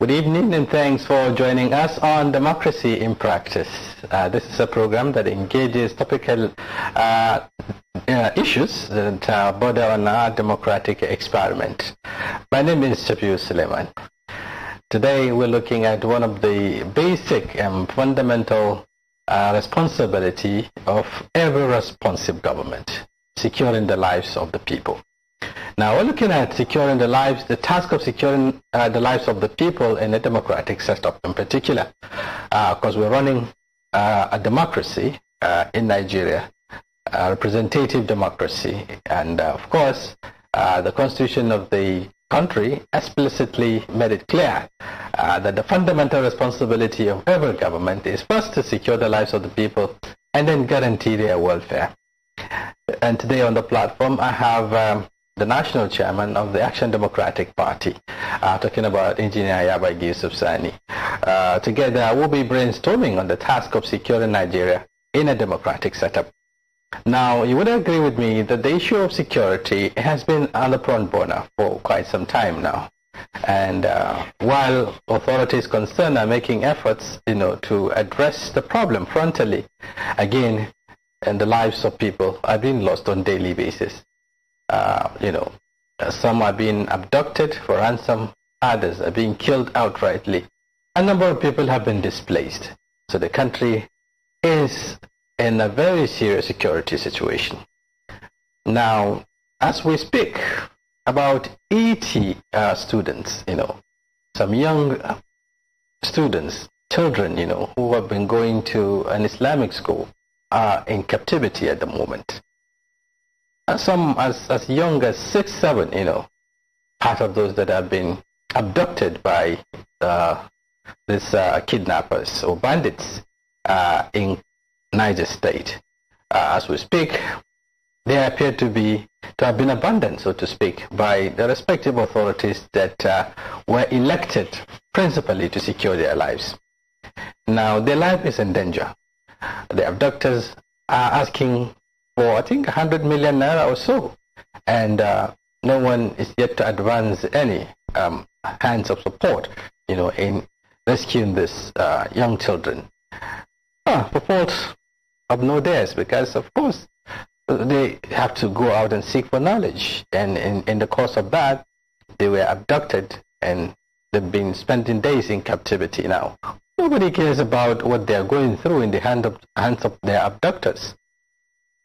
Good evening and thanks for joining us on Democracy in Practice. Uh, this is a program that engages topical uh, uh, issues that uh, border on our democratic experiment. My name is Shafiu Suleiman. Today we're looking at one of the basic and fundamental uh, responsibility of every responsive government, securing the lives of the people. Now we're looking at securing the lives, the task of securing uh, the lives of the people in a democratic setup in particular, because uh, we're running uh, a democracy uh, in Nigeria, a representative democracy, and of course, the constitution of the country explicitly made it clear uh, that the fundamental responsibility of every government is first to secure the lives of the people and then guarantee their welfare. And today on the platform, I have um, the national chairman of the Action Democratic Party, uh, talking about Engineer Yabagi Subsani. Uh, together, we'll be brainstorming on the task of securing Nigeria in a democratic setup. Now, you would agree with me that the issue of security has been on the front burner for quite some time now. And uh, while authorities concerned are making efforts, you know, to address the problem frontally, again, and the lives of people are being lost on daily basis uh, you know, uh, some are being abducted for ransom, others are being killed outrightly. A number of people have been displaced. So the country is in a very serious security situation. Now, as we speak, about 80 uh, students, you know, some young students, children, you know, who have been going to an Islamic school are in captivity at the moment some as, as young as six, seven, you know, part of those that have been abducted by uh, these uh, kidnappers or bandits uh, in Niger State. Uh, as we speak, they appear to be to have been abandoned, so to speak, by the respective authorities that uh, were elected principally to secure their lives. Now, their life is in danger. The abductors are asking for I think 100 million naira or so, and uh, no one is yet to advance any um, hands of support, you know, in rescuing these uh, young children. Ah, for fault of no theirs, because of course they have to go out and seek for knowledge, and in, in the course of that, they were abducted and they've been spending days in captivity now. Nobody cares about what they are going through in the hand of, hands of their abductors.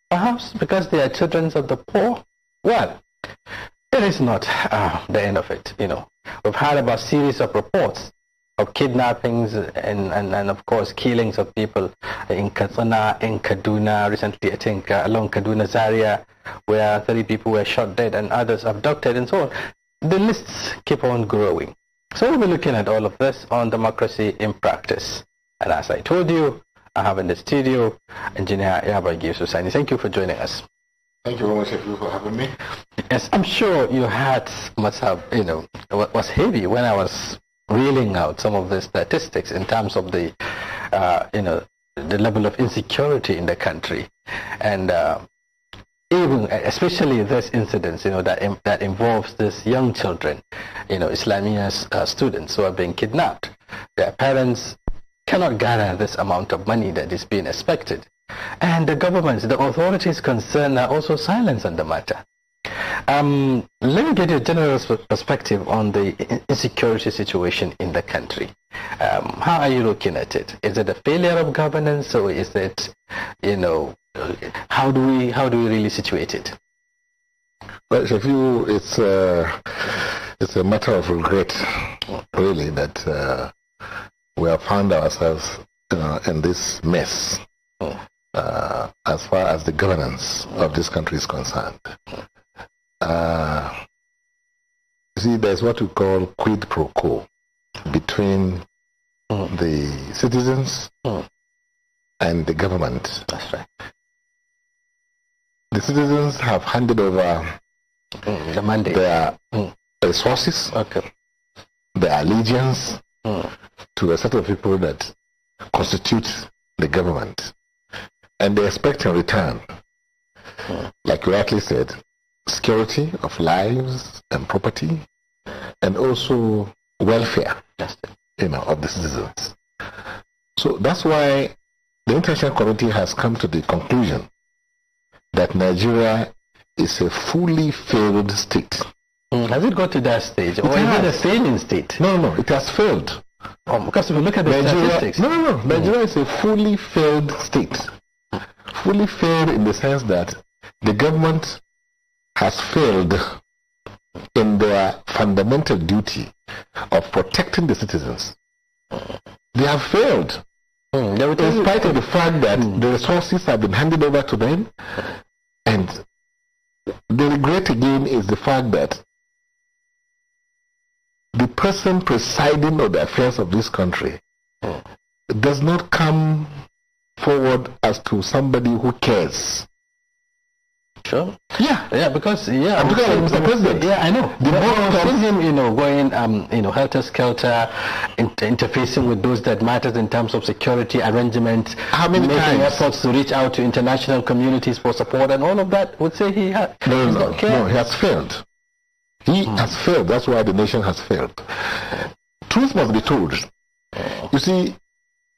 Perhaps because they are children of the poor? Well, it is not uh, the end of it, you know. We've heard about a series of reports of kidnappings and, and, and of course killings of people in Katsina, in Kaduna, recently I think uh, along Kaduna's area, where 30 people were shot dead and others abducted and so on. The lists keep on growing. So we'll be looking at all of this on democracy in practice. And as I told you, I have in the studio, Engineer Yaba Giuso Thank you for joining us. Thank you very much for having me. Yes, I'm sure your heart must have, you know, was heavy when I was reeling out some of the statistics in terms of the, uh, you know, the level of insecurity in the country, and uh, even especially this incident, you know, that Im that involves these young children, you know, Islamia uh, students who are being kidnapped. Their parents cannot garner this amount of money that is being expected. And the governments, the authorities concerned are also silent on the matter. Um, let me get a general perspective on the insecurity situation in the country. Um, how are you looking at it? Is it a failure of governance, or is it, you know, how do we how do we really situate it? Well, it's a few. It's uh, it's a matter of regret, really, that uh, we have found ourselves uh, in this mess uh, as far as the governance of this country is concerned. Uh, see, there's what we call quid pro quo between the citizens and the government. That's right. The citizens have handed over the their mm. resources, okay. their allegiance, to a set of people that constitute the government. And they expect in return, like you rightly said, security of lives and property, and also welfare you know, of the citizens. So that's why the International Community has come to the conclusion that Nigeria is a fully failed state Mm. Has it got to that stage? It or has. is it a failing state? No, no, it has failed. Um, because if you look at the Nigeria, statistics. No, no, no. Nigeria mm. is a fully failed state. Fully failed in the sense that the government has failed in their fundamental duty of protecting the citizens. They have failed. Mm. In spite of the fact that mm. the resources have been handed over to them, and the regret again is the fact that the person presiding over the affairs of this country does not come forward as to somebody who cares. Sure. Yeah. Yeah, because yeah, I'm talking about Mr. President. Yeah, I know. The more of him, you know, going um, you know, helter skelter, inter interfacing with those that matters in terms of security arrangements. How many making times? efforts to reach out to international communities for support and all of that would say he has no, no, no, he has failed. He mm. has failed. That's why the nation has failed. Truth must be told. You see,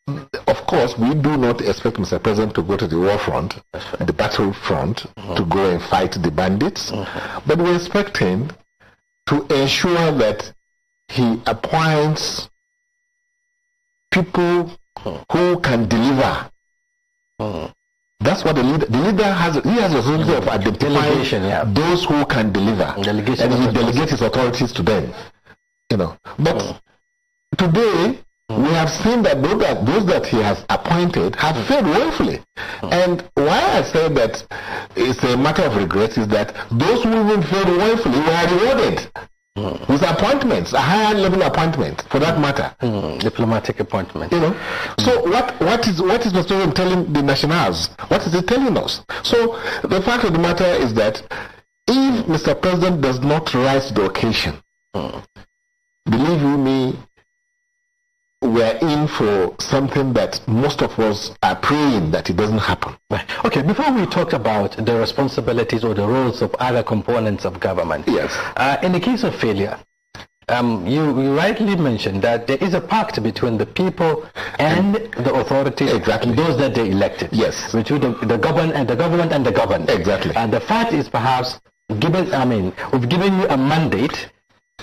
of course, we do not expect Mr. President to go to the war front, the battle front, to go and fight the bandits, but we expect him to ensure that he appoints people who can deliver that's what the leader, the leader has, he has a role of mm-hmm. identifying yeah. those who can deliver. Delegation and he delegates his authorities to them. You know, but mm. today, mm. we have seen that those, that those that he has appointed have mm. failed woefully. Mm. And why I say that it's a matter of regret is that those who even failed woefully were rewarded. Mm. With appointments, a higher level appointment, for that matter, mm. diplomatic appointment. You know. Mm. So what what is what is the President telling the nationals? What is he telling us? So the fact of the matter is that if Mr. President does not rise to the occasion, hmm. believe you me, we're in for something that most of us are praying that it doesn't happen. Right. Okay, before we talk about the responsibilities or the roles of other components of government, yes. Uh, in the case of failure, um, you, you, rightly mentioned that there is a pact between the people and the authorities, exactly. those that they elected. Yes, between the, the government and the government and the governed. Exactly. And the fact is perhaps given. I mean, we've given you a mandate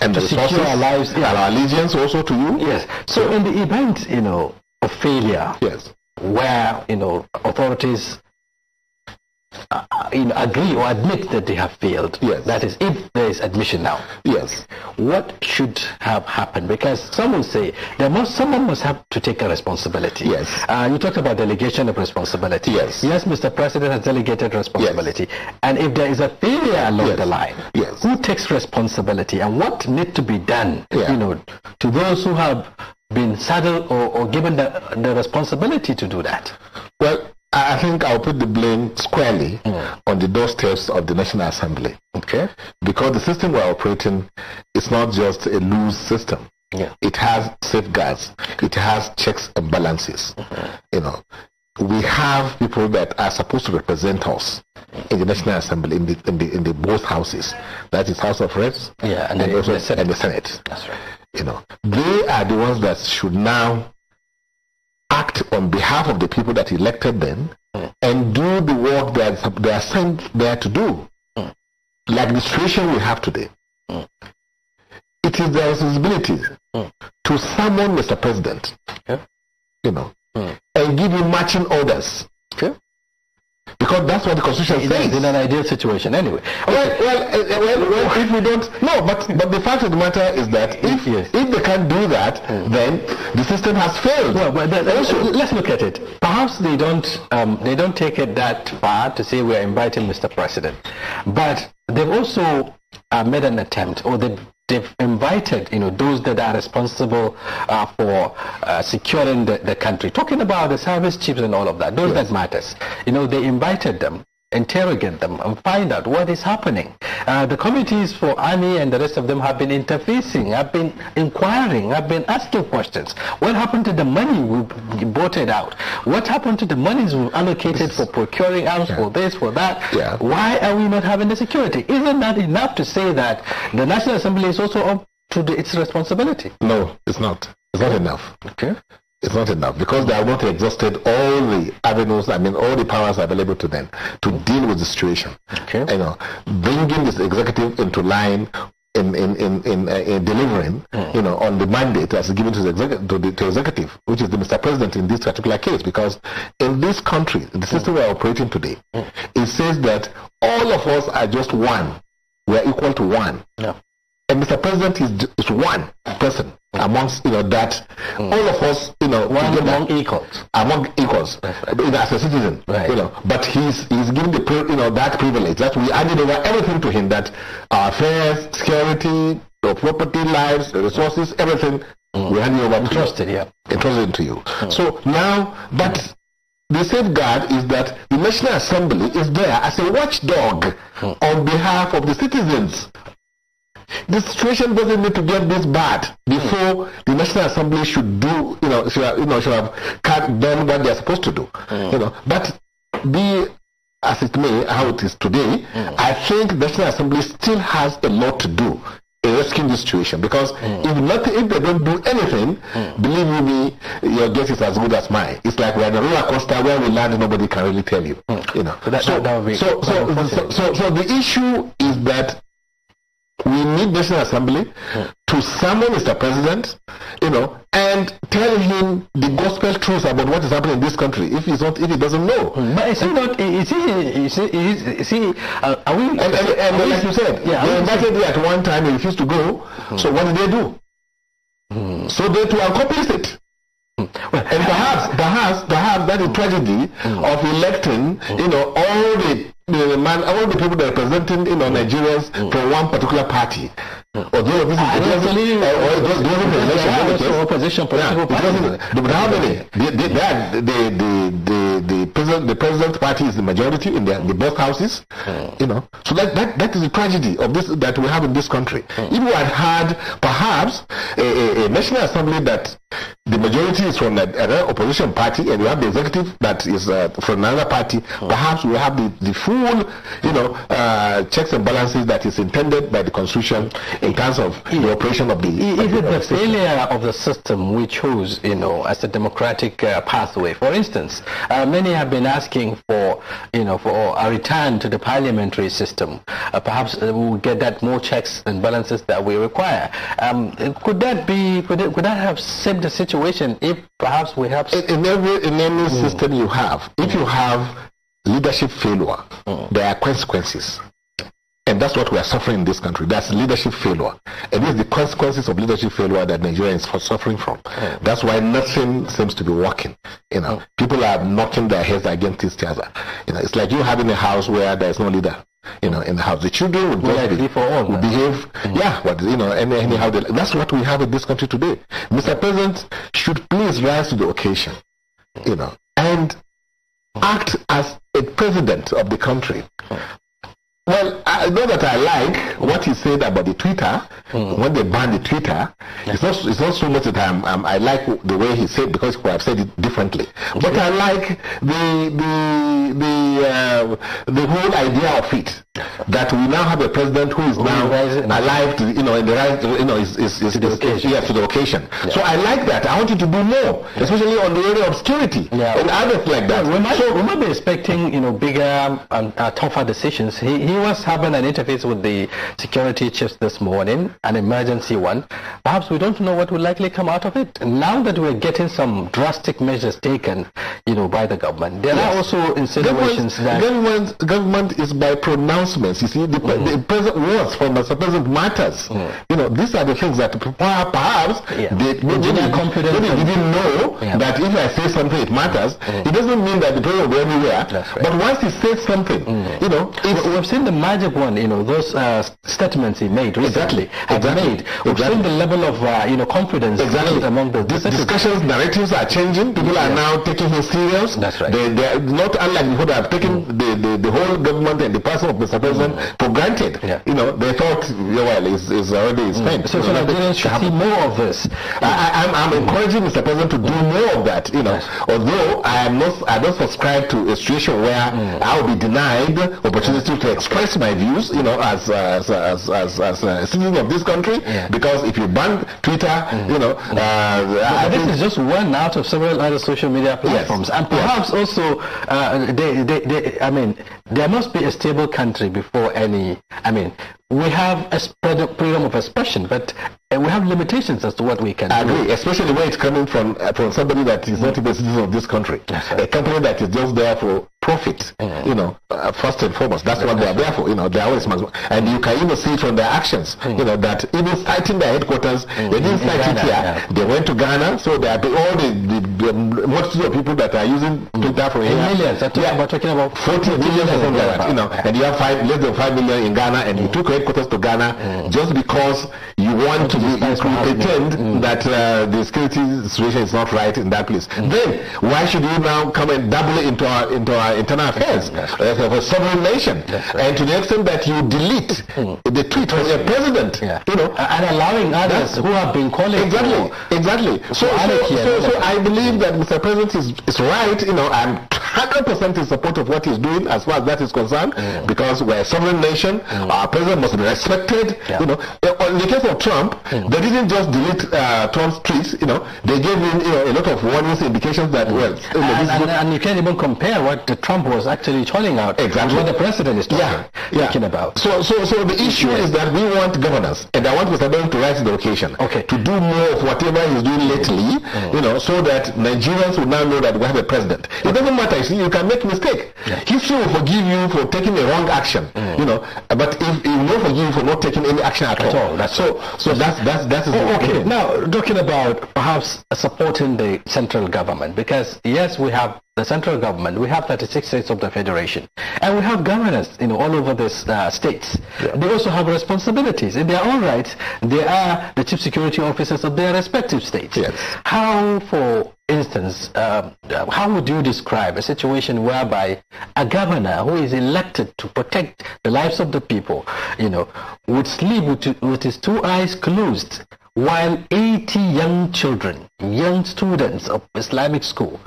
and to resources. secure our lives. Yeah, our allegiance also to you. Yes. So in the event, you know, of failure. Yes. Where you know authorities uh, you know, agree or admit that they have failed. Yes. That is, if there is admission now. Yes. What should have happened? Because some will say there must someone must have to take a responsibility. Yes. Uh, you talked about delegation of responsibility. Yes. Yes, Mr. President has delegated responsibility. Yes. And if there is a failure along yes. the line, yes. who takes responsibility and what need to be done? Yeah. You know, to those who have been saddled or, or given the, the responsibility to do that. Well, I think I'll put the blame squarely mm. on the doorsteps of the National Assembly. Okay. Because the system we're operating is not just a loose system. Yeah. It has safeguards. It has checks and balances. Mm-hmm. You know, we have people that are supposed to represent us in the National Assembly in the in the, in the both houses. That is House of Reps. Yeah, and, and, the, also, the and the Senate. That's right. You know, they are the ones that should now act on behalf of the people that elected them mm. and do the work that they are sent there to do. Mm. Like the situation we have today. Mm. It is their responsibility to summon Mr. President, yeah. you know, and give him marching orders. Okay. Because that's what the constitution it says. In an ideal situation, anyway. Well, well, uh, uh, well, well, if we don't, no. But but the fact of the matter is that if yes. if they can't do that, mm. then the system has failed. Well, but then, also, let's look at it. Perhaps they don't um, they don't take it that far to say we are inviting Mr. President, but they've also uh, made an attempt, or they they've invited you know those that are responsible uh, for uh, securing the, the, country talking about the service chiefs and all of that those yes. that matters you know they invited them interrogate them and find out what is happening. Uh, the committees for Ani and the rest of them have been interfacing, have been inquiring, have been asking questions. What happened to the money we voted out? What happened to the monies we allocated for procuring arms, yeah. for this, for that? Yeah. Why are we not having the security? Isn't that enough to say that the National Assembly is also up to the, its responsibility? No, it's not. It's not enough. Okay. It's not enough because they have not exhausted all the avenues, I mean, all the powers available to them to deal with the situation. Okay. You know, bringing this executive into line in in in, in, uh, in delivering, mm. you know, on the mandate as given to the, exec- to the to executive, which is the Mr. President in this particular case, because in this country, the system mm. we are operating today, mm. it says that all of us are just one. We are equal to one. Yeah. And Mr. President is, is one person. Mm. amongst you know that mm. all of us you know one among equals among equals right. you know, as a citizen right. you know but he's he's given the you know that privilege that we handed over everything to him that our affairs security your property lives resources everything mm. we handed over entrusted yeah entrusted to you mm. so now that the safeguard is that the National Assembly is there as a watchdog mm. on behalf of the citizens the situation doesn't need to get this bad before mm. the National Assembly should do, you know, should have, you know, should have done what they're supposed to do. Mm. You know, but be as it may, how it is today, mm. I think the National Assembly still has a lot to do in rescuing the situation because mm. if not, if they don't do anything, mm. believe me, your guess is as good as mine. It's like we're in a roller coaster where we land, nobody can really tell you. Mm. You know, so, that, so, that, that so, so, so, so the issue is that we need National Assembly to summon Mr. President, you know, and tell him the gospel truth about what is happening in this country if he's not if he doesn't know. But is he not? Is he? Is he? Is he uh, are we? And, and, and are like we, you said, yeah, they invited there at one time. He refused to go. Hmm. So what did they do? Hmm. So they to accomplish complicit. Well, hmm. and perhaps, perhaps, perhaps that is hmm. tragedy mm. of electing, mm. you know, all the the man, all the people that are representing you know Nigerians mm. from one particular party. Mm. this is I does or it does have election. opposition political yeah, parties. But how many? the, the, the, the, president, the president party is the majority in the, the both houses. Mm. You know, so that, that that is the tragedy of this that we have in this country. Mm. If we had had perhaps a, a, a national assembly that the majority is from an uh, opposition party and we have the executive that is uh, from another party oh. perhaps we have the, the full you know uh, checks and balances that is intended by the constitution in terms of it, the operation of the is it the failure of the system we chose you know as a democratic uh, pathway for instance uh, many have been asking for you know for a return to the parliamentary system uh, perhaps we'll get that more checks and balances that we require um, could that be could, it, could that have saved the situation situation if perhaps we have in, in every in any mm. system you have if you have leadership failure mm. there are consequences and that's what we are suffering in this country that's leadership failure and it's the consequences of leadership failure that nigeria is suffering from mm. that's why nothing seems to be working you know mm. people are knocking their heads against each other you know, it's like you having a house where there's no leader you know, in the house. The children would, just be, all, would behave, mm. yeah, but you know, and anyhow, that's what we have in this country today. Mr. President should please rise to the occasion, you know, and act as a president of the country mm. Well, I know that I like what he said about the Twitter. Mm. When they banned the Twitter, yeah. it's not it's not so much that I'm, I'm, i like the way he said because I've said it differently. Okay. But I like the the the uh, the whole idea of it that we now have a president who is now alive to you know in the right you know is, is, is, to the location. Yeah, to the occasion. Yeah. So I like that. I want you to do more, yeah. especially on the area of security yeah. and others like that. we, might, so, we might be expecting you know bigger and uh, tougher decisions. He, he was having an interface with the security chiefs this morning, an emergency one. Perhaps we don't know what will likely come out of it. Now that we're getting some drastic measures taken, you know, by the government, there yes. are also insinuations government, that government government is by pronouncing announcements. You see, the, mm. the mm-hmm. present words from the present matters. Mm. You know, these are the things that perhaps yeah. they, didn't know yeah. that if I say something, it matters. Mm. It doesn't mean that the president will be everywhere. Right. But once he says something, you know, we've seen the magic one. You know, those uh, statements he made recently exactly. have exactly. made. We've exactly. seen the level of uh, you know confidence exactly. among the discussions. Narratives are changing. People are now taking him serious. That's right. They, they are not unlike before. They have taken mm. the, the the whole government and the person of the mm. for granted. Yeah. You know, they thought, well, it's, it's already spent. Mm. So, so Nigerians should see more of this. I, am mm. encouraging Mr. President to do mm. more of that, you know, yes. although I am not, I don't subscribe to a situation where I mm. will be denied opportunity to express my views, you know, as, as, as, as, as a citizen of this country, yeah. because if you ban Twitter, mm. you know, uh, this is just one out of several other social media platforms, yes. and perhaps yes. also uh, they, they, they, I mean, there must be a stable country before any, I mean, we have a freedom of expression, but uh, we have limitations as to what we can I do. agree, especially when it's coming from uh, from somebody that is not even a citizen of this country, right. a company that is just there for profit, mm. you know, uh, first and foremost. That's what they are there for, you know, they always must. And you can even see from their actions, mm. you know, that even citing their headquarters, they didn't cite it here. Yeah. They went to Ghana, so they are all the, the, the, the multitude of people that are using mm. Twitter for here. Millions, yeah, we're talking about 40 million, million or something like that, you know, and you have five, less than 5 million in Ghana, and you took it headquarters to Ghana mm. just because you want to, be, you pretend mm. that uh, the security situation is not right in that place. Mm. Then why should you now come and double into our into our internal affairs uh, for uh, of a sovereign nation? Right. And to the extent that you delete mm. the tweet from your president, yeah. you know, and allowing others who have been calling exactly, exactly. So so, so, so, so I believe that Mr. President is is right. You know, I'm 100% in support of what he's doing as far as that is concerned mm. because we're a sovereign nation. Mm. Our president must be respected. Yeah. You know, uh, in the case of Trump, mm. they didn't just delete uh, Trump's tweets. You know, they gave him you know, a lot of warnings, indications that well, you mm. know, and, and, and, you can't even compare what Trump was actually calling out exactly what the president is talking, yeah. Yeah. talking about. So, so, so the issue yes. is that we want governance, and I want Mr. Biden to rise to the occasion. Okay, to do more of whatever he's doing lately. Mm. You know, so that Nigerians will now know that we have a president. It doesn't matter you can make mistake. Yeah. History will forgive you for taking a wrong action, mm. you know, but if, it will not forgive you for not taking any action at, at all. all. That's so, right. so that's that's that's. Oh, okay. Thing. Now talking about perhaps supporting the central government because yes, we have the central government, we have 36 states of the federation, and we have governors, you know, all over the uh, states. Yeah. They also have responsibilities. In their own right, they are the chief security officers of their respective states. Yes. How for instance, uh, how would you describe a situation whereby a governor who is elected to protect the lives of the people, you know, would sleep with, with his two eyes closed while 80 young children, young students of Islamic school,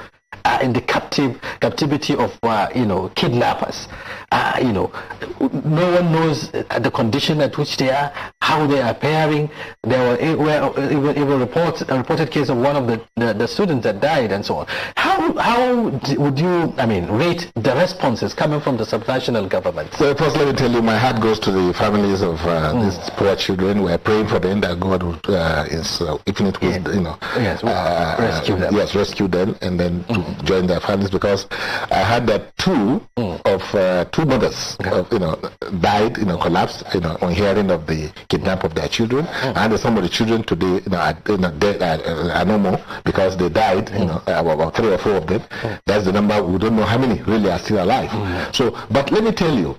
are uh, in the captive captivity of uh, you know kidnappers. Uh, you know, no one knows uh, the condition at which they are, how they are appearing. There were, even, even reports a reported case of one of the, the, the students that died and so on. How how would you I mean rate the responses coming from the subnational government? So first, let me tell you, my heart goes to the families of uh, mm. these poor children. We're praying for them that God would, uh, is infinite wisdom, yeah. you know, yes, rescue them. Yes, rescue them, and then. Mm join their families because I had that two mm. of uh, two mothers, okay. of, you know, died, you know, collapsed, you know, on hearing of the kidnap of their children, mm. and some of the children today, you know, are, you know, dead, are, are no more because they died, mm. you hmm. know, about three or four of them. Hmm. That's the number. We don't know how many really are still alive. Hmm. So, but let me tell you,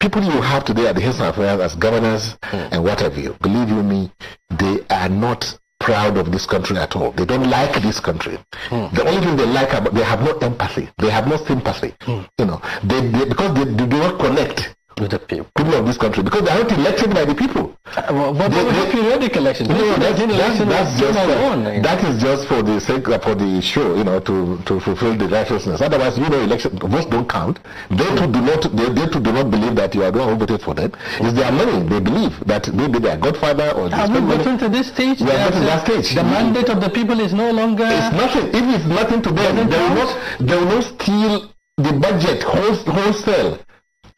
people you have today at the Health Affairs as governors and what have you, believe you me, they are not proud of this country at all. They don't like this country. Mm. The only thing they like about they have no empathy. They have no sympathy. Mm. You know, they, they because they, they, do not connect to the people. people of this country because they aren't elected by the people. Uh, but they, they, periodic elections. No, no, that's, election that's, that's just for, that is just for the sake uh, for the show, you know, to, to fulfill the righteousness. Otherwise, you know, election votes don't count. They mm. too do not they, they too do not believe that you are going to who voted for them. Mm. It's their money. They believe that maybe their godfather or. Are we gotten to this stage? We are getting uh, that stage. The mandate of the people is no longer. It's nothing. If it's nothing to them, they will not. They will not steal the budget wholesale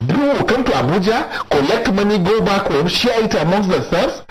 People will come to Abuja, collect money, go back home, share it amongst themselves.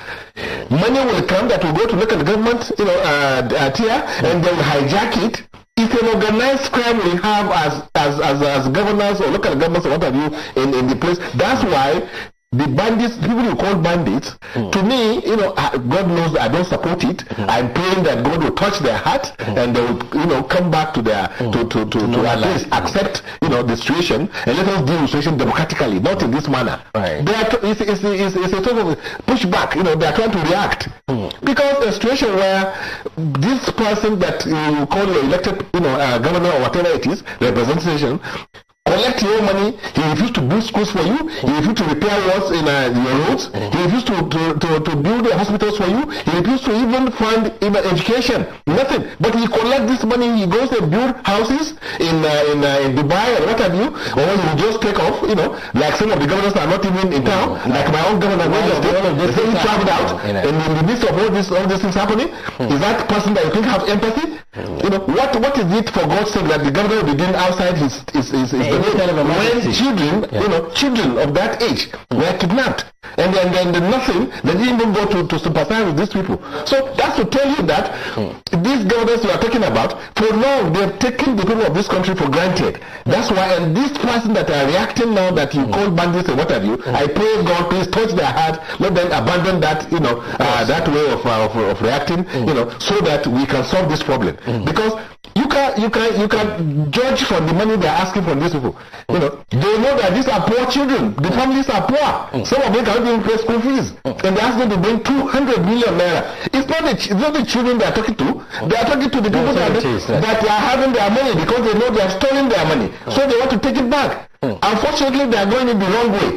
Money will come that will go to local government, you know, uh, here, and they will hijack it. It's an organized crime we have as, as, as, as governors or local governments or what have you in, in the place. That's why the bandits, people you call bandits, mm. to me, you know, God knows I don't support it. Mm. I'm praying that God will touch their heart mm. and they will, you know, come back to their, hmm. to, to, to, to, to at least accept, you know, the situation and let us deal with the situation democratically, not in this manner. Right. They are, it's, it's, it's, it's a sort of pushback, you know, they are trying to react. Hmm. Because a situation where this person that you call elected, you know, uh, governor or whatever it is, representation, collect your money. He refused to build schools for you. He refused to repair roads in uh, your roads. He mm-hmm. refused to, to, to, to build hospitals for you. He refused to even fund even education. Nothing. But he collect this money. He goes and build houses in uh, in, uh, in Dubai or what have you. Or he just take off. You know, like some of the governors are not even in town. No, mm-hmm. no. Like my own governor, no, no, no, no, he traveled out. And in the midst of all this all these things happening, hmm. is that person that you think have empathy? Hmm. You know, what what is it for God's sake that the governor will be doing outside his his, his, his when, kind of when children, yeah. you know, children of that age mm. were kidnapped. And then, then, then nothing, they didn't even go to, to sympathize with these people. So that's to tell you that mm. these governments you are talking about, for long, they have taken the people of this country for granted. Mm. That's why, and this person that are reacting now that you mm. call bandits and what have you, mm. I pray God, please touch their heart, let them abandon that, you know, uh, yes. that way of, uh, of, of, reacting, mm. you know, so that we can solve this problem. Because can you can you can judge for the money they're asking from these people. You know, they know that these are poor children. The mm. families are poor. Mm. Some of them can't even pay school fees, mm. and they ask them to bring 200 million naira. It's not the it's not the children they are talking to. They are talking to the people that, that are having their money because they know they are stolen their money, so they want to take it back. Unfortunately, they are going in the wrong way.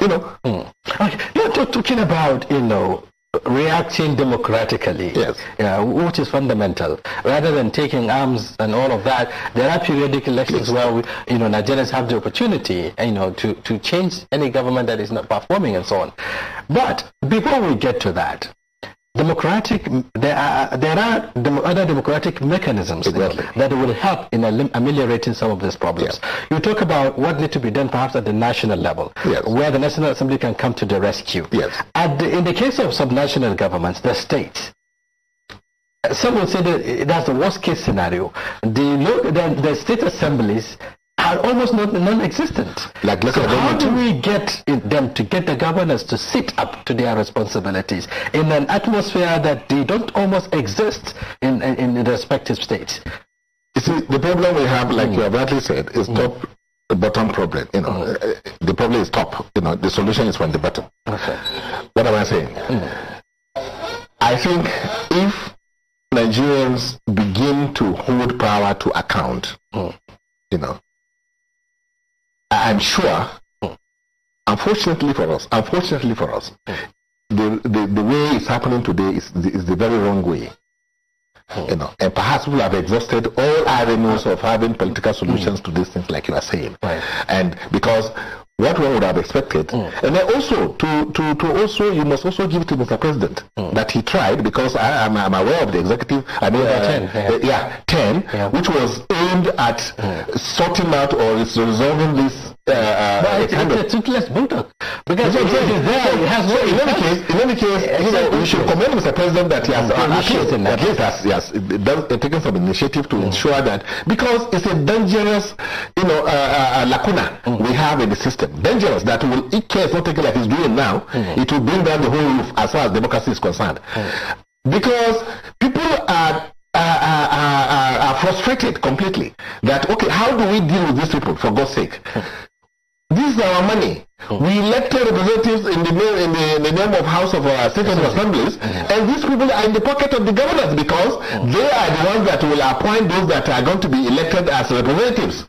You know, okay. you're talking about you know reacting democratically, yes. Uh, which is fundamental. Rather than taking arms and all of that, there are periodic elections yes. where we, you know Nigerians have the opportunity, you know, to, to change any government that is not performing and so on. But before we get to that, democratic, there are, there are other democratic mechanisms exactly. that will help in ameliorating some of these problems. You talk about what needs to be done perhaps at the national level, yes. where the National Assembly can come to the rescue. Yes. The, in the case of subnational governments, the states, Someone said that that's the worst case scenario. The, the, the state assemblies are almost non-existent. Like, so how do we get them to get the governors to sit up to their responsibilities in an atmosphere that they don't almost exist in, in, in respective states? You see, the problem we have, like mm. you have rightly said, is mm. top bottom problem. You know, mm. Uh, the problem is top. You know, the solution is from the bottom. Okay. What am I saying? Mm. I think if Nigerians begin to hold power to account, mm. you know, I'm sure, unfortunately for us, unfortunately for us, the, the, the way it's happening today is the, is the very wrong way. You know, and perhaps we have exhausted all avenues of having political solutions to these things, like you are saying. Right. And because what one would have expected. Mm. And then also to, to, to also you must also give to Mr. President mm. that he tried because I am I'm aware of the executive I mean uh, 10, yeah. Uh, yeah 10 yeah. which was aimed at mm. sorting out or resolving this uh, uh but it's, it's a toothless bulldog because it, there, it has no so in any case in any case you know, we should commend Mr. President that he has mm. uh, at least, has, yes, taken some initiative to mm. ensure that because it's a dangerous you know uh, uh, lacuna mm. we have in the system dangerous, that will, if case not taken like he's doing now, mm. it will bring down the whole roof as far as democracy is concerned. Mm. Because people are are, are, are, are, frustrated completely that, okay, how do we deal with these people, for God's sake? Hmm. this is our money. We elected representatives in the, name, in the, in the name of House of uh, State Assemblies, and these people are in the pocket of the governors because oh. they are the ones that will appoint those that are going to be elected as representatives.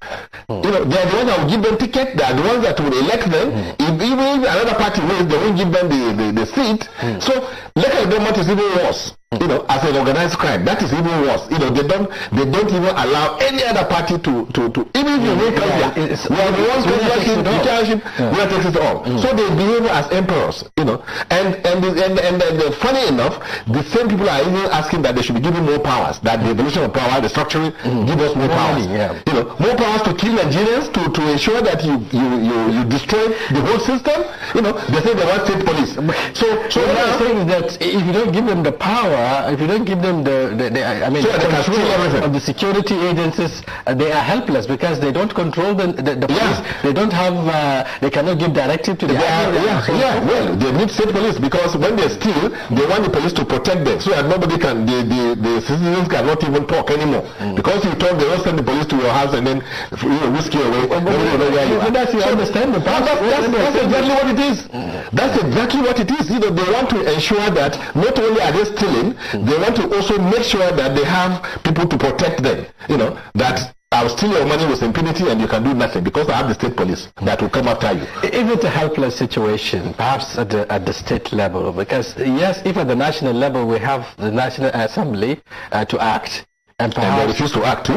Oh. You know, they are the ones that will give them ticket. They are the ones that will elect them. Hmm. If even another party wins, they won't give them the, the, the seat. Hmm. So look at them what is even worse you know, as an organized crime. That is even worse. You know, they don't they don't even allow any other party to to, to even if you win mm. yeah, we are the ones in dictatorship, we are taking it all. Mm. So they behave as emperors, you know. And and and, and, and, and funny enough, the same people are even asking that they should be given more powers, that the evolution of power, the structuring, mm. give us more Money, powers. Yeah. You know, more powers to kill Nigerians, to, to ensure that you, you, you, you destroy the whole system. You know, they say they want state police. So so what I'm saying is that if you don't give them the power uh, if you don't give them the, the, the I mean, sure, the control of the security agencies, uh, they are helpless because they don't control the, the, the police. Yeah. They don't have, uh, they cannot give directive to the they are, Yeah, yeah, well, they need state police because when they steal, they want the police to protect them so that nobody can, the, the, the citizens cannot even talk anymore. Mm. Because you talk, they will send the police to your house and then you know, whisk you away. Oh, well, that's, you so understand the that's, that's, that's exactly what it is. Mm. That's exactly what it is. You know, they want to ensure that not only are they stealing, Mm-hmm. they want to also make sure that they have people to protect them. You know, that I'll steal your money with impunity and you can do nothing because I have the state police that will come after you. If it's a helpless situation, perhaps at the, at the state level? Because yes, if at the national level we have the National Assembly uh, to act, and perhaps and they refuse to act.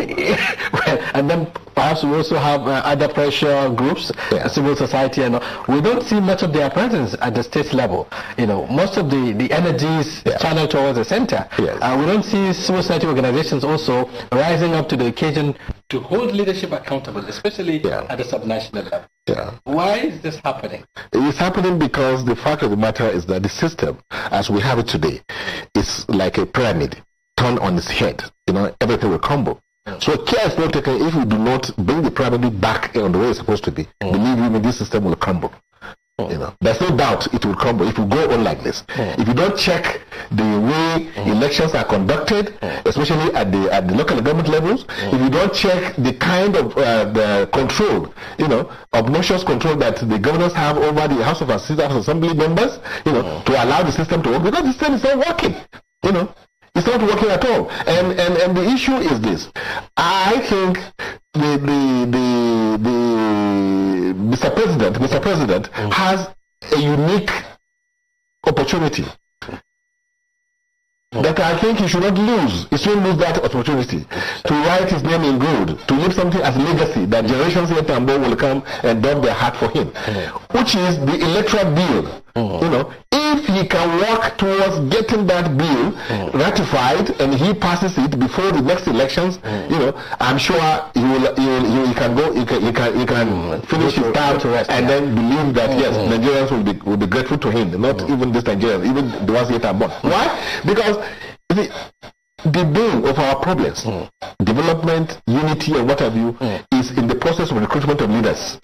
and then perhaps we also have uh, other pressure groups, yeah. civil society, and we don't see much of their presence at the state level. You know, most of the the energy is yeah. channeled towards the center. Yes. Uh, we don't see civil society organizations also rising up to the occasion to hold leadership accountable, especially yeah. at the subnational level. Yeah. Why is this happening? It's happening because the fact of the matter is that the system, as we have it today, is like a pyramid. Turn on its head, you know, everything will crumble. Yeah. So care is not taken if you do not bring the primary back on the way it's supposed to be. Mm. Believe me, this system will crumble. Mm. You know, there's no doubt it will crumble if you go on like this. Mm. If you don't check the way mm. elections are conducted, mm. especially at the at the local government levels, mm. if you don't check the kind of uh, the control, you know, obnoxious control that the governors have over the House of Assembly members, you know, mm. to allow the system to work because the system is not working. You know, it's not working at all. And, and, and the issue is this. I think the, the, the, the Mr. President, Mr. President mm. has a unique opportunity that I think he should not lose. He should lose that opportunity to write his name in gold, to leave something as legacy that generations yet and will come and dump their heart for him, mm-hmm. which is the electoral bill. Mm-hmm. You know, if he can work towards getting that bill mm-hmm. ratified and he passes it before the next elections, mm. you know, I'm sure he will, he, will, he can go, he can, he can, he can mm. finish his term and yeah. then believe that yes, mm. Nigerians will be will be grateful to him, not even this Nigerians, even the ones later born. Why? Because because the, the bane of our problems, mm. development, unity, and what have you, mm. is in the process of recruitment of leaders.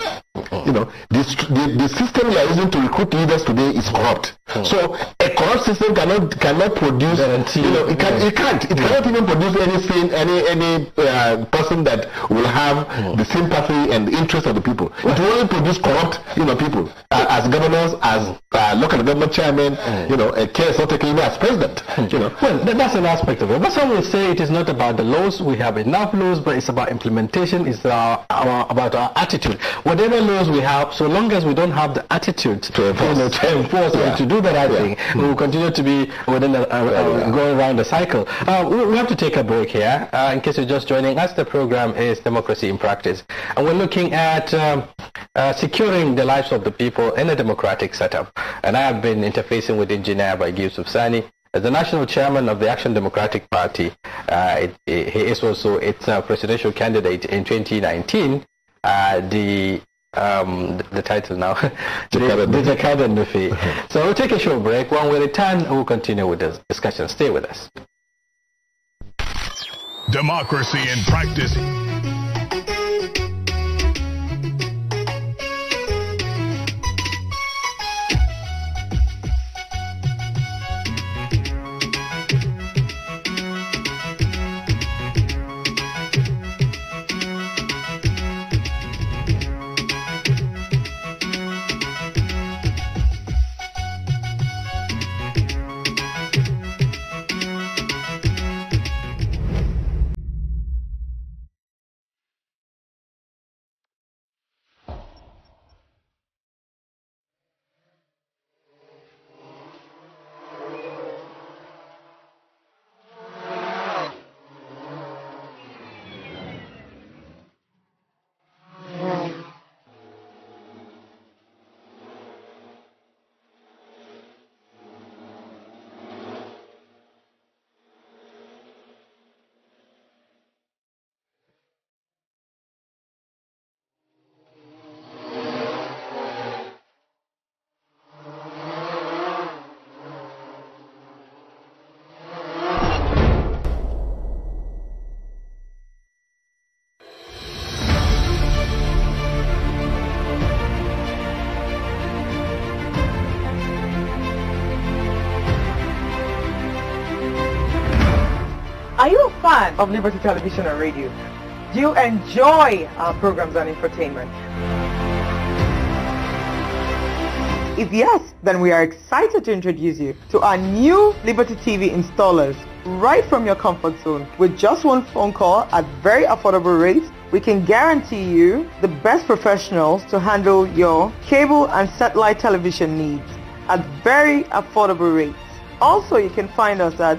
You know, the, the, the, system you are using to recruit leaders today is corrupt. Mm. So a corrupt system cannot cannot produce. Guarantee. You know, it, can, yeah. it can't. It yeah. Hmm. cannot even produce anything, any any uh, person that will have mm. the sympathy and the interest of the people. It will only produce corrupt, you know, people uh, as governors, as uh, local government chairman, hmm. you know, a case, or taking as president. Hmm. You know, well, that's an aspect of it. But some will say it is not about the laws. We have enough laws, but it's about implementation. It's our, our about our attitude. Whatever laws we have, so long as we don't have the attitude to enforce, you know, to, enforce yeah. to do the right yeah. thing, mm we'll continue to be within the, uh, uh, yeah, going around the cycle. Uh, we, we, have to take a break here. Uh, in case you're just joining us, the program is Democracy in Practice, and we're looking at um, uh, securing the lives of the people in a democratic setup. And I have been interfacing with Engineer Baigil Subsani. As the national chairman of the Action Democratic Party, uh, it, it, he is also its presidential candidate in 2019. Uh, the um, the, title now, the, the Nufi. so we'll take a short break. When we return, we'll continue with the discussion. Stay with us. Democracy in practice of Liberty Television and Radio. You enjoy our programs and entertainment. If yes, then we are excited to introduce you to our new Liberty TV installers right from your comfort zone. With just one phone call at very affordable rates, we can guarantee you the best professionals to handle your cable and satellite television needs at very affordable rates. Also, you can find us at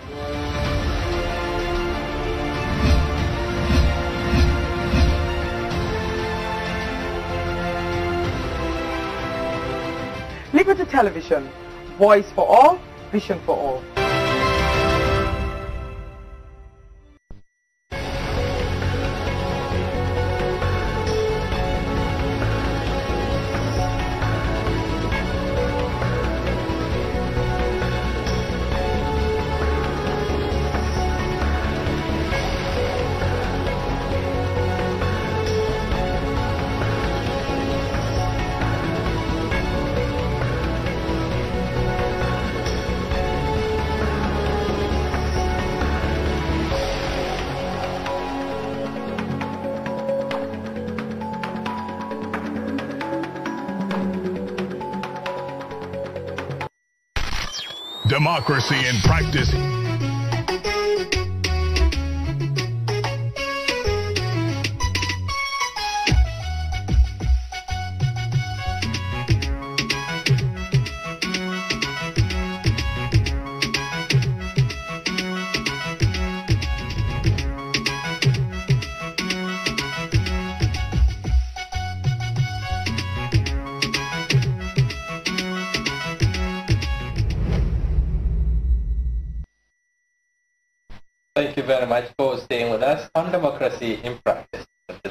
Liberty Television, voice for all, vision for all. democracy in practice.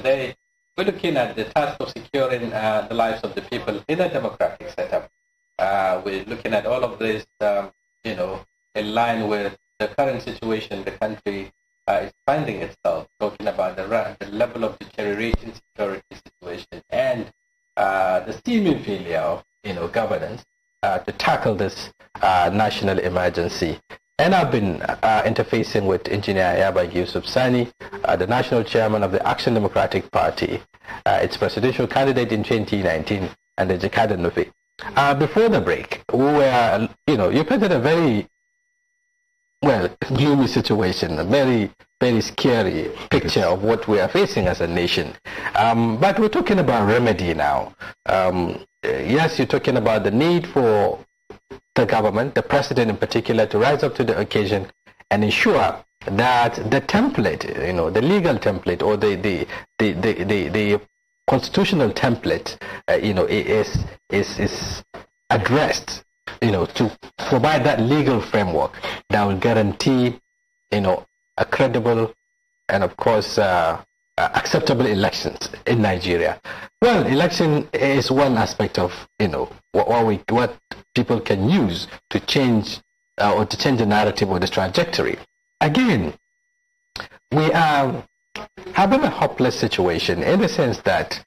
today, we're looking at the task of securing uh, the lives of the people in a democratic setup. Uh, we're looking at all of this, um, you know, in line with the current situation the country uh, is finding itself, talking about the, the level of deteriorating security situation and uh, the seeming failure of, you know, governance uh, to tackle this uh, national emergency. And I've been uh, interfacing with engineer Ayaba Yusuf Sani, uh, the national chairman of the Action Democratic Party, uh, its presidential candidate in 2019, and the Jakarta Nufi. Uh, before the break, we were, you know, you painted a very, well, gloomy situation, a very, very scary picture of what we are facing as a nation. Um, but we're talking about remedy now. Um, yes, you're talking about the need for the government, the president in particular, to rise up to the occasion and ensure that the template, you know, the legal template or the the the the, the, the constitutional template, uh, you know, is is is addressed, you know, to provide that legal framework that will guarantee, you know, a credible and of course uh, uh, acceptable elections in Nigeria? Well, election is one aspect of you know what, what we what people can use to change uh, or to change the narrative or the trajectory. Again, we are having a hopeless situation in the sense that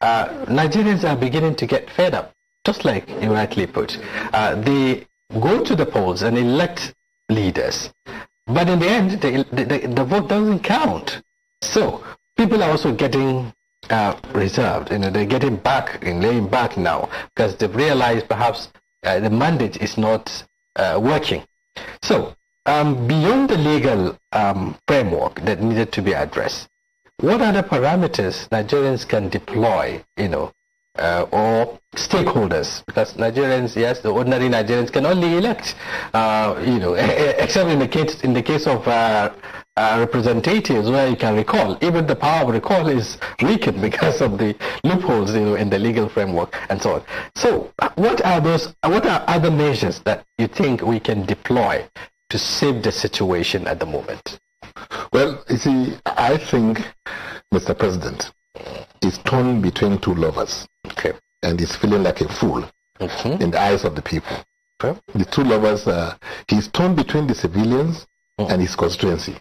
uh, Nigerians are beginning to get fed up, just like you rightly put. Uh, they go to the polls and elect leaders, but in the end, the, the, the vote doesn't count. So people are also getting uh, reserved. You know, they're getting back and laying back now because they've realized perhaps uh, the mandate is not uh, working. So um, beyond the legal um, framework that needed to be addressed, what other parameters Nigerians can deploy, you know, uh, or stakeholders because Nigerians, yes, the ordinary Nigerians can only elect, uh, you know, except in the case in the case of uh, uh, representatives where you can recall. Even the power of recall is weakened because of the loopholes, you know, in the legal framework and so on. So, uh, what are those? Uh, what are other measures that you think we can deploy to save the situation at the moment? Well, you see, I think, Mr. President, it's torn between two lovers. Okay. And he's feeling like a fool mm-hmm. in the eyes of the people. Okay. The two lovers, uh, he's torn between the civilians mm. and his constituency.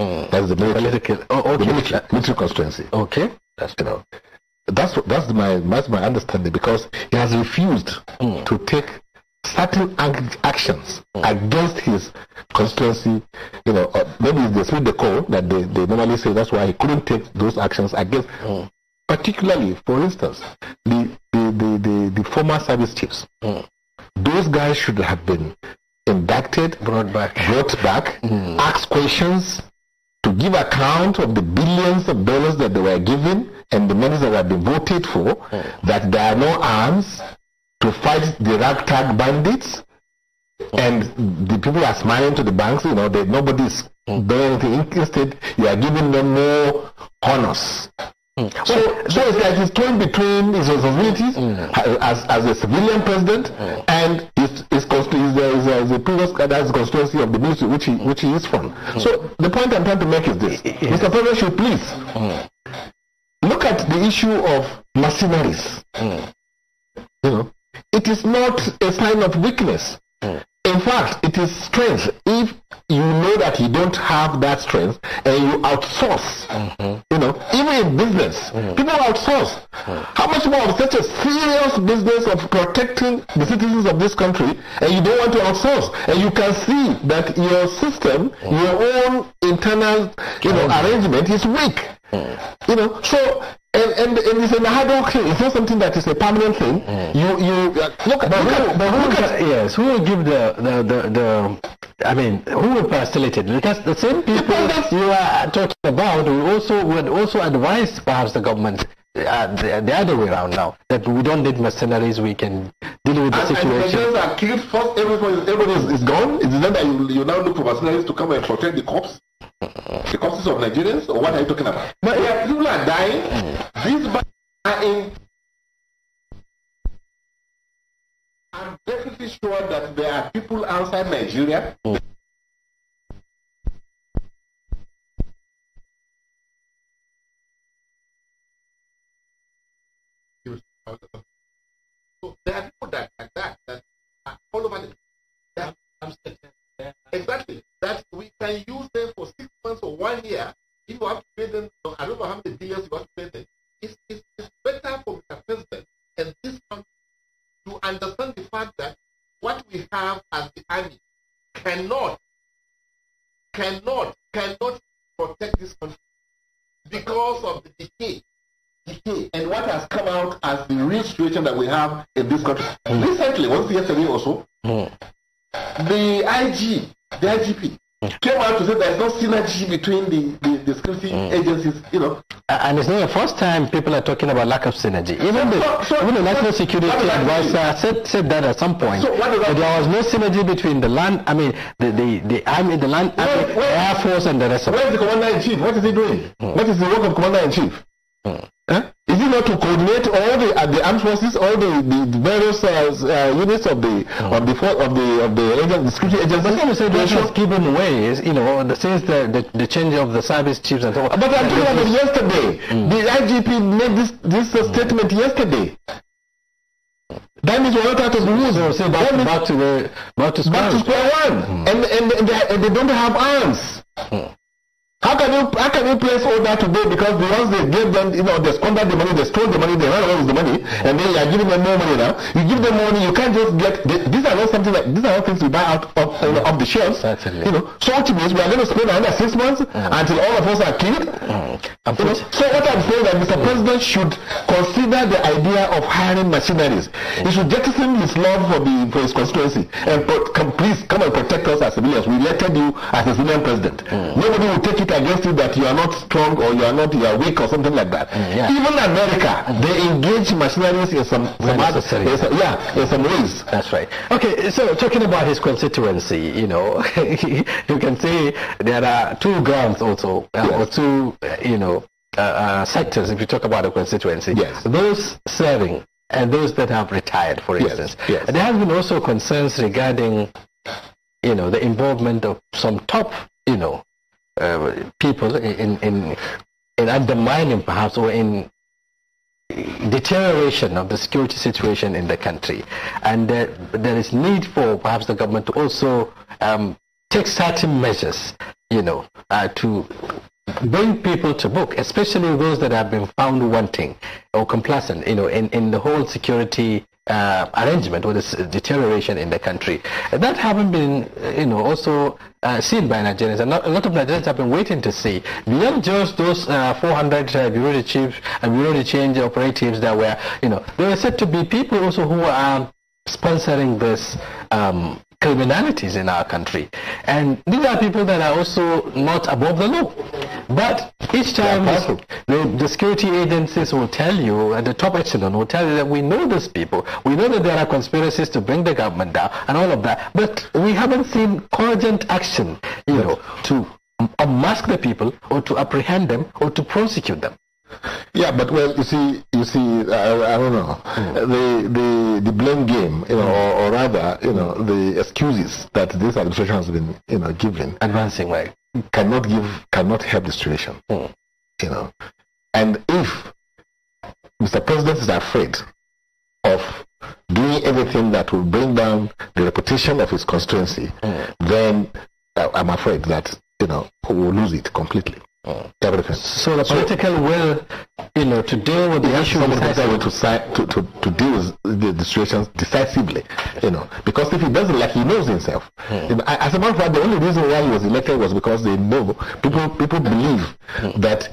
Mm. That's the military. Political. Oh, okay. The military, military constituency. Okay. That's you know. That's that's my that's my understanding because he has refused mm. to take certain actions mm. against his constituency, you know, uh, maybe they the call that they, they normally say that's why he couldn't take those actions against mm particularly, for instance, the, the, the, the, the former service chiefs. Mm. Those guys should have been inducted, brought back, brought back mm. asked questions to give account of the billions of dollars that they were given and the monies that were been voted for, mm. that there are no arms to fight the ragtag bandits. Hmm. And the people are smiling to the banks, you know, that nobody's hmm. doing anything. Instead, you are giving them more honors Mm. So it is like he's torn between his responsibilities mm. as, as a civilian president mm. and his, his, his, uh, his, his, uh, his previous that's uh, constituency of the ministry which he, which he is from. Mm. So the point I'm trying to make is this. Yes. Mr. President should please mm. look at the issue of mercenaries. Mm. You know, it is not a sign of weakness. In fact, it is strength. If you know that you don't have that strength and you outsource -hmm know, even in business, mm. people outsource. Mm. How much more of such a serious business of protecting the citizens of this country, and you don't want to outsource, and you can see that your system, mm. your own internal, you know, hmm. arrangement is weak. Hmm. You know, so and, and, and it's an hard hoc thing. It's not something that is a permanent thing. Mm. You you uh, look, but look who, at, but who at, yes, who will give the the, the, the I mean, who will facilitate? Because the same people you are talking about will also would also advise, perhaps the government uh, the, the, other way around now that we don't need mercenaries we can deal with the and, situation and the are killed first everyone is, is, gone it's then that you, you now look for mercenaries to come and protect the cops, the corpses of Nigerians or what are you talking about but yeah, people are dying these are in I'm definitely sure that there are people outside Nigeria mm. have to pay them, I don't know how many billions you have to pay them. It's, it's, it's better for Mr. President and this country to understand the fact that what we have as the army cannot, cannot, cannot protect this country because of the decay. Decay. And what has come out as the real situation that we have in this country. Mm. Recently, was yesterday or so, mm. the IG, the IGP, hmm. came out to say there's no synergy between the, the mm. agencies, you know. And it's not the first time people are talking about lack of synergy. Even so, the, so, even the National Security Advisor said, said that at some point. So that there was no synergy between the land, I mean, the, the, the army, the land, where, army, where, the air force and the rest of it. Where is the commander-in-chief? What is he doing? Mm. What is the work of commander-in-chief? Mm. Huh? Is it not to coordinate all the uh, the armed forces, all the, the various uh, uh, units of the oh. of the of the of the, agent, the security agencies? But you say that has given way, you know, the, since the, the, the change of the service chiefs and so on. But I'm talking about yesterday. Mm. The IGP made this this uh, mm. statement yesterday. That means we're not out of the woods. So, so back, back, to the, back to square, back to square one, mm. and, and, and, they, and, they, don't have arms. Mm. How can you how can you place all that today because the ones they gave them, you know, they squandered the money, they stole the money, they ran away with the money, and then you are giving them more money now. You give them money, you can't just get they, these are not something that these are not things we buy out of you know off the shelves. Certainly. You know, short means we are going to spend another six months mm. until all of us are killed. Mm. You know? So what I'm saying that Mr. Mm. President should consider the idea of hiring machineries. He should jettison his love for the for his constituency and put, come, please come and protect us as civilians. We elected you as a civilian president. Mm. Nobody will take it against you that you are not strong or you are not you are weak or something like that. Mm, yeah. Even America, mm. they engage mercenaries in some, some other, in some, yeah, in some ways. That's right. Okay, so talking about his constituency, you know, you can say there are two grounds also, uh, yes. or two, uh, you know, uh, uh, sectors. If you talk about the constituency, yes, those serving and those that have retired, for yes. instance. Yes. There has been also concerns regarding, you know, the involvement of some top, you know, uh, people in, in, in undermining perhaps or in deterioration of the security situation in the country. And uh, there is need for perhaps the government to also um, take certain measures, you know, uh, to bring people to book, especially those that have been found wanting or complacent, you know, in, in the whole security uh, arrangement or this deterioration in the country. That haven't been, uh, you know, also uh, seen by Nigerians. And a lot of Nigerians have been waiting to see beyond just those uh, 400 uh, bureau chiefs and uh, bureau change operatives that were, you know, there were said to be people also who are sponsoring this um, criminalities in our country. And these are people that are also not above the law. But each time the, the, security agencies will tell you, and the top echelon will tell you that we know these people. We know that there are conspiracies to bring the government down and all of that. But we haven't seen cogent action, you yes. know, to unmask the people or to apprehend them or to prosecute them. Yeah, but well, you see, you see, I, I don't know mm. the the the blame game, you know, or, or rather, you know, the excuses that this administration has been, you know, given. Advancing, right? cannot give cannot help the situation. Mm. You know, and if Mr. President is afraid of doing anything that will bring down the reputation of his constituency, mm. then uh, I'm afraid that you know we'll lose it completely. So the political so, will, you know, to deal with the issue decisively. To, to, to, deal with the, the situation decisively, you know, because if he doesn't like, he knows himself. Hmm. You know, as a matter of fact, the only reason why he was elected was because they know people people believe hmm. that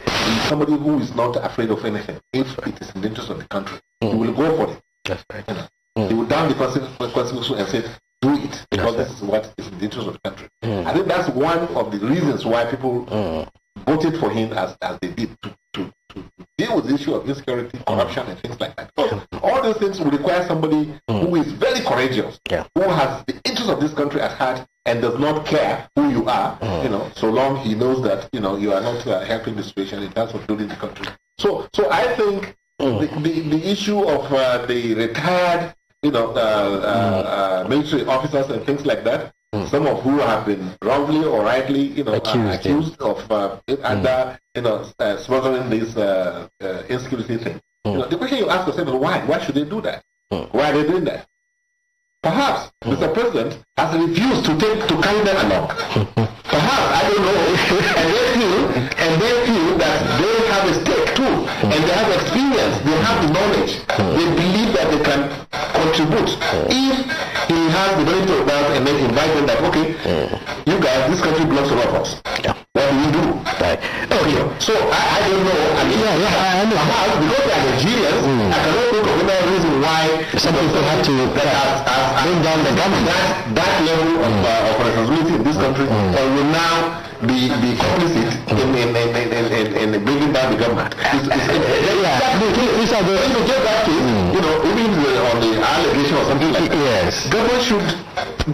somebody who is not afraid of anything, if it is in the interest of the country, hmm. he will go for it. That's right. You know, hmm. He will down the constitution and say, do it because that's this is what is in the interest of the country. Hmm. I think that's one of the reasons why people hmm voted for him as, as they did to, to, to deal with the issue of insecurity, corruption, and things like that. So mm-hmm. all those things will require somebody who mm. is very courageous, yeah. who has the interests of this country at heart, and does not care who you are. Mm. You know, so long he knows that you know you are not uh, helping the situation in terms of building the country. So, so I think mm. the, the, the, issue of uh, the retired, you know, uh, uh, mm. uh military officers and things like that Mm. Some of who have been wrongly or rightly, you know, accused, uh, accused of uh, mm. Uh, you know, uh, smuggling this uh, uh, insecurity thing. Mm. You know, mm. the question you ask yourself is why? Why should they do that? Mm. Why are they doing that? Perhaps Mr. Mm. President has refused to take to carry them along. Perhaps I don't know, and they feel, and they feel that they have a stake too, mm. and they have experience, they have the knowledge, mm. they believe that they can contribute. If he has the right of that and then invite them that, okay, you guys, this country belongs to all of us. Yeah. What do you do? Right. Okay, so I, I don't know. I mean, yeah, yeah, I understand. because they are Nigerians, I mm. cannot think of any reason why some people have to that has, has, bring down the government. That, that level of, mm. uh, of responsibility in this country, mm. and we now Be be complicit in in in in in, in bringing down the government. yeah, yeah. No, these are the. If you take you know, even uh, on the allegation or something like that, yes. government should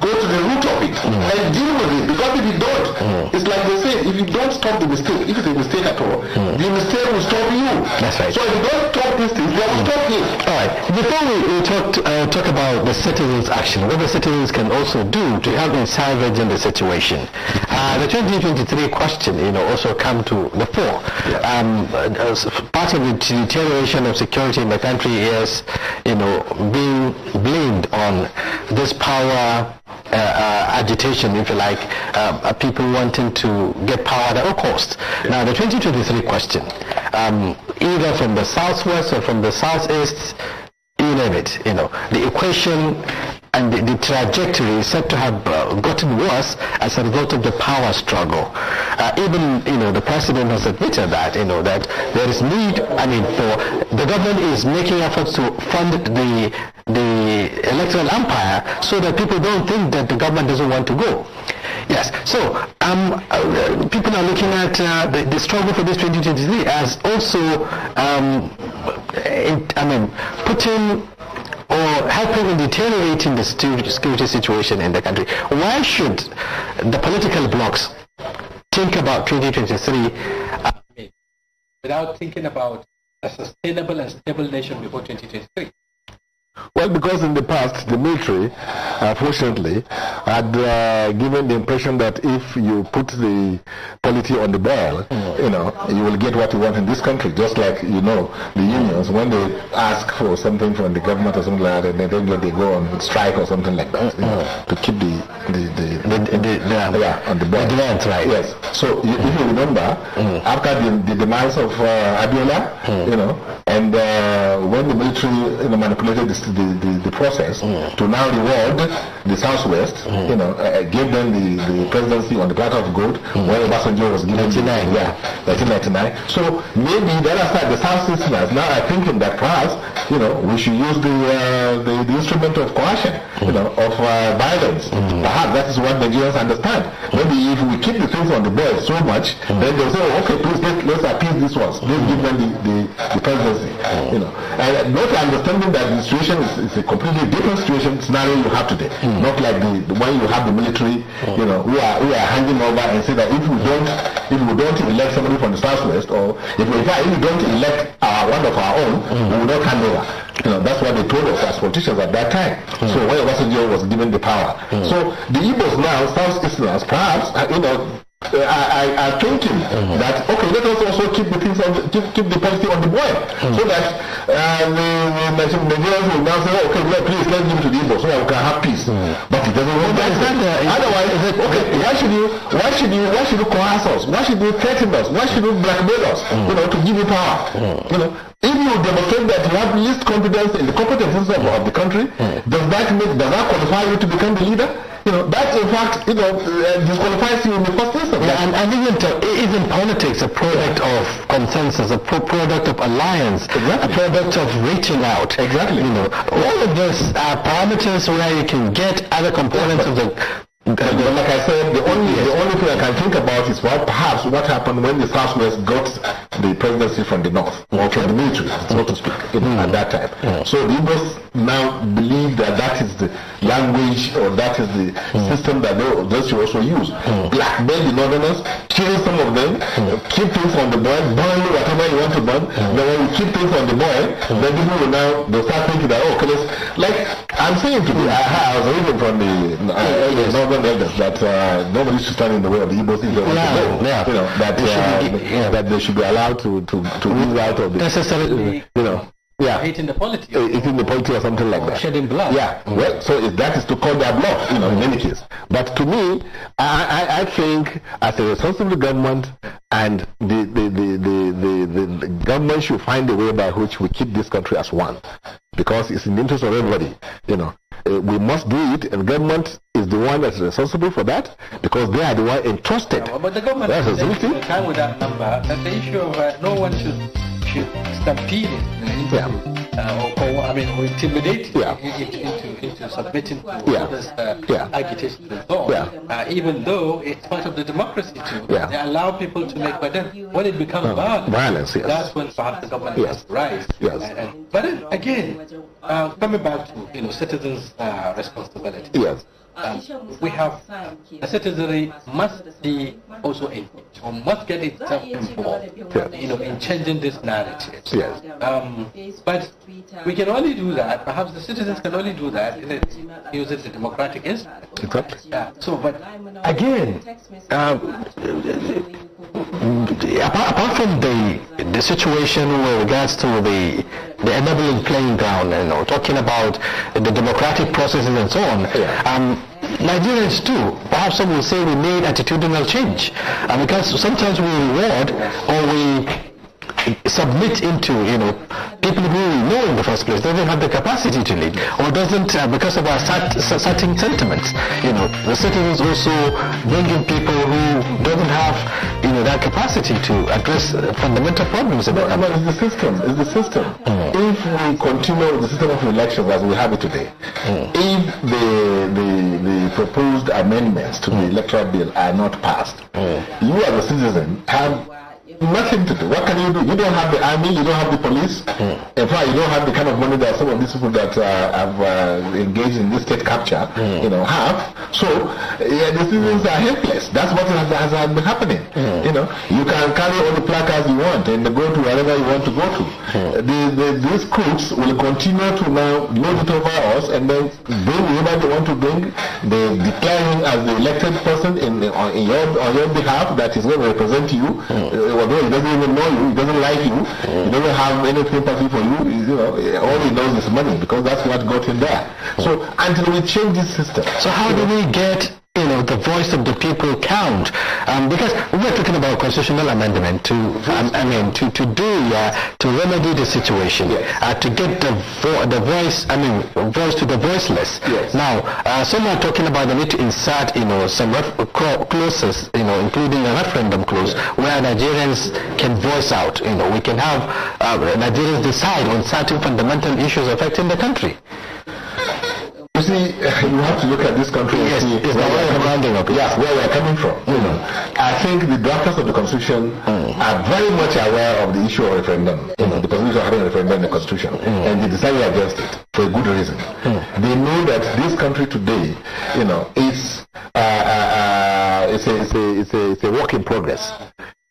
go to the root of it mm. and deal with it. Because if you don't, mm. it's like they say, if you don't stop the mistake, if it's a mistake at all, mm. the mistake will stop you. That's right. So if you don't stop these things, they will stop you. Mm. All right. Before we, we talk, to, uh, talk about the citizens' action, what the citizens can also do to help in salvaging the situation, uh, the 2023 question, you know, also come to the fore. Yeah. Um, uh, part of the deterioration of security in the country is you know, being blamed on this power uh, uh, agitation, if you like, uh, people wanting to get power at all costs. Yeah. Now, the 2023 question, um, either from the southwest or from the southeast, you name it, you know, the equation and the, the trajectory is said to have uh, gotten worse as a result of the power struggle. Uh, even you know the president has admitted that you know that there is need. I mean, for the government is making efforts to fund the the electoral empire so that people don't think that the government doesn't want to go. Yes. So um, uh, people are looking at uh, the, the, struggle for this 2023 as also, um, it, I mean, putting helping in deteriorating the security situation in the country. Why should the political blocs think about 2023 uh, without thinking about a sustainable and stable nation before 2023? Well, because in the past, the military, unfortunately, had uh, given the impression that if you put the polity on the bell, mm. you know, you will get what you want in this country. Just like, you know, the unions, when they ask for something from the government or something like that, and then they go on strike or something like that, mm. to keep the, the, the, the, the, the yeah, on the bell. The demand, right. Yes. So mm. if you remember, mm. after the, the demise of uh, Abiola, mm. you know, and uh, when the military you know, manipulated the, the the, the, process mm. to now reward the Southwest, mm. you know, uh, uh give them the, the presidency on the platter of gold mm. the Obasanjo was given 99, yeah, 1999. So maybe the other side, the South citizens now are thinking that perhaps, you know, we should use the, uh, the, the, instrument of coercion, you know, of uh, violence. Mm. Perhaps that is what Nigerians understand. Maybe if we keep the things on the board so much, mm. then they'll say, oh, okay, please, let, let's appease these ones. Let's give them the, the, the presidency, mm. you know. And not understanding that the situation is it's, it's, a completely different situation scenario you have today. Mm. Not like the, the one you have the military, you oh. know, we are we are handing over and say that if we don't if we don't elect somebody from the southwest or if we, if we don't elect one of our own, mm. we will not hand over. You know, that's what they told us as politicians at that time. Mm. So when Obasanjo was given the power. Hmm. So the Igbos now, South Easterners, perhaps, uh, you know, uh, I, I, told him mm-hmm. that okay, let us also keep the things on the, keep, keep the policy on the boil, mm-hmm. so that uh, the, the Nigerians will now say, oh, okay, please let's give it to the Igbo so that we can have peace. Mm-hmm. But it doesn't work. That that, uh, Otherwise, okay, why should you why should you why should you coerce us? Why should you threaten us? Why should you blackmail us? Mm-hmm. You know, to give you power. Mm-hmm. You know, if you demonstrate that you have least confidence in the competences of, of the country, mm-hmm. does that make does that qualify you to become the leader? you know, that in fact, you know, uh, disqualifies you in the first instance. Yeah, and, and isn't, isn't politics a product yeah. of consensus, a pro product of alliance, exactly. a product of reaching out? Exactly. You know, all of this are parameters where you can get other components yeah, of the and, and like I said, the only yes. the only thing I can think about is what perhaps what happened when the Southwest got the presidency from the North, okay. from the military, so to speak, mm. at hmm. that time. So the Igbos now believe the language or that is the mm. system that they, that you also use. Mm. Blackmail the northerners, kill some of them, mm. keep things on the boil, boil whatever you want to burn. Mm. Then when you keep things on the boil, mm. then people will now they start thinking that oh, okay, like I'm saying to you, mm. I, I was reading from the uh, yes. northern elders that uh, nobody should stand in the way of the Igbo things. Yeah, yeah. You know, that, uh, yeah. that they should be allowed to, to, to move out of the... Necessarily. You know. Yeah. Hate in the politics, Uh, in the politics, or something like or that. Shedding blood. Yeah. Mm-hmm. Well, so if that is to call that blood, mm-hmm. in any case. But to me, I, I, I, think as a responsible government and the, the, the, the, the, the, government should find a way by which we keep this country as one. Because it's in the interest of everybody. You know, uh, we must do it and government is the one that's responsible for that because they are the one entrusted. Yeah, well, but the government that's responsible. time with that number. That's the issue of uh, no one should stampeded into, uh, or, I mean, or intimidated into, into, into, submitting to others, uh, agitation and so on, uh, even though it's part of the democracy too. They allow people to make, but then when it becomes oh, violence, violence yes. that's when perhaps the government yes. has to rise. Yes. And, and, but then, again, uh, coming back to, you know, citizens' uh, responsibility. Yes um, we have a citizenry must be also engaged or must get itself involved, you know, in changing this narrative. Yes. Um, but we can only do that. Perhaps the citizens can only do that if it uses the democratic instrument. Exactly. Yeah. So, but again, um, apart from the the situation with regards to the the enabling playing ground, you know, talking about the democratic processes and so on. Yeah. Um, Nigerians too, perhaps some will say we made attitudinal change. Uh, because sometimes we reward or we submit into, you know, people who know in the first place they do not have the capacity to lead or doesn't, uh, because of our sat, certain sentiments, you know, the is also bringing people who doesn't have, you know, that capacity to address uh, fundamental problems about the But it's the system, is the system. Mm. If we continue with the system of elections as we have it today, mm. if the, the, the proposed amendments to mm. the electoral bill are not passed, mm. you as a citizen have nothing to do. What can you do? You don't have the army, you don't have the police. Mm. In fact, you don't have the kind of money that some of these people that uh, have uh, engaged in this state capture, mm. you know, have. So yeah, the citizens mm. are helpless. That's what has, has, been happening. Hmm. You know, you can carry all the placards you want and go to wherever you want to go to. Hmm. The, the, these crooks will continue to now load it over us and then bring whoever they want to bring. They declare him as the elected person in, in, on, in your, on your behalf that is going to represent you. Hmm. Uh, he doesn't even know you. He doesn't like you. He doesn't have any sympathy for you. He's, you know, eh, all he knows is money because that's what got him there. So until we change this system. So how do we get you know, the voice of the people count. Um, because we're talking about constitutional amendment to, um, I mean, to, to do, uh, to remedy the situation, yes. uh, to get the, vo the voice, I mean, voice to the voiceless. Yes. Now, uh, some are talking about the need to insert, you know, some clauses, you know, including a referendum clause, yes. where Nigerians can voice out, you know, we can have uh, Nigerians decide on certain fundamental issues affecting the country see, uh, you have to look at this country yes, and see where we're coming, up, yeah, where we're coming from. You know, I think the drafters of the Constitution mm. are very much aware of the issue of referendum. You know, the constitution of having a referendum in the Constitution, mm. and they decided against it for a good reason. Mm. They know that this country today, you know, is uh, uh, uh it's, a, it's, a, it's, a, it's a work in progress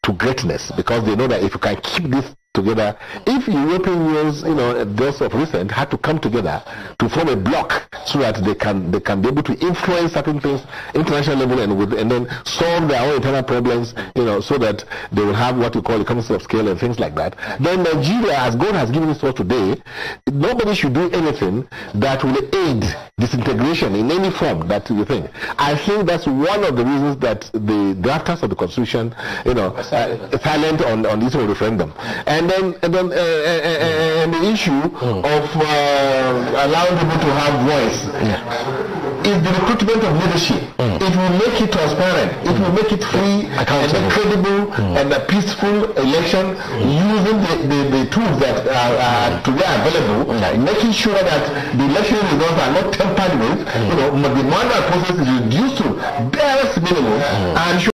to greatness because they know that if you can keep this together. If European unions, you know, those of recent had to come together to form a block so that they can they can be able to influence certain things international level and with and then solve their own internal problems, you know, so that they will have what you call economies of scale and things like that. Then Nigeria, as God has given us all today, nobody should do anything that will aid disintegration in any form that you think. I think that's one of the reasons that the drafters of the constitution, you know, uh, silent on on this referendum and and then and then uh, and the issue mm. of uh, allowing people to have voice. Yeah is the recruitment of leadership. Mm. It will make it transparent. It mm. will make it free and credible mm. and a peaceful election using the, the, the, tools that are, are today available, making sure that the election results are not tampered with. Hmm. You know, the manual process is reduced to barest minimum hmm. and.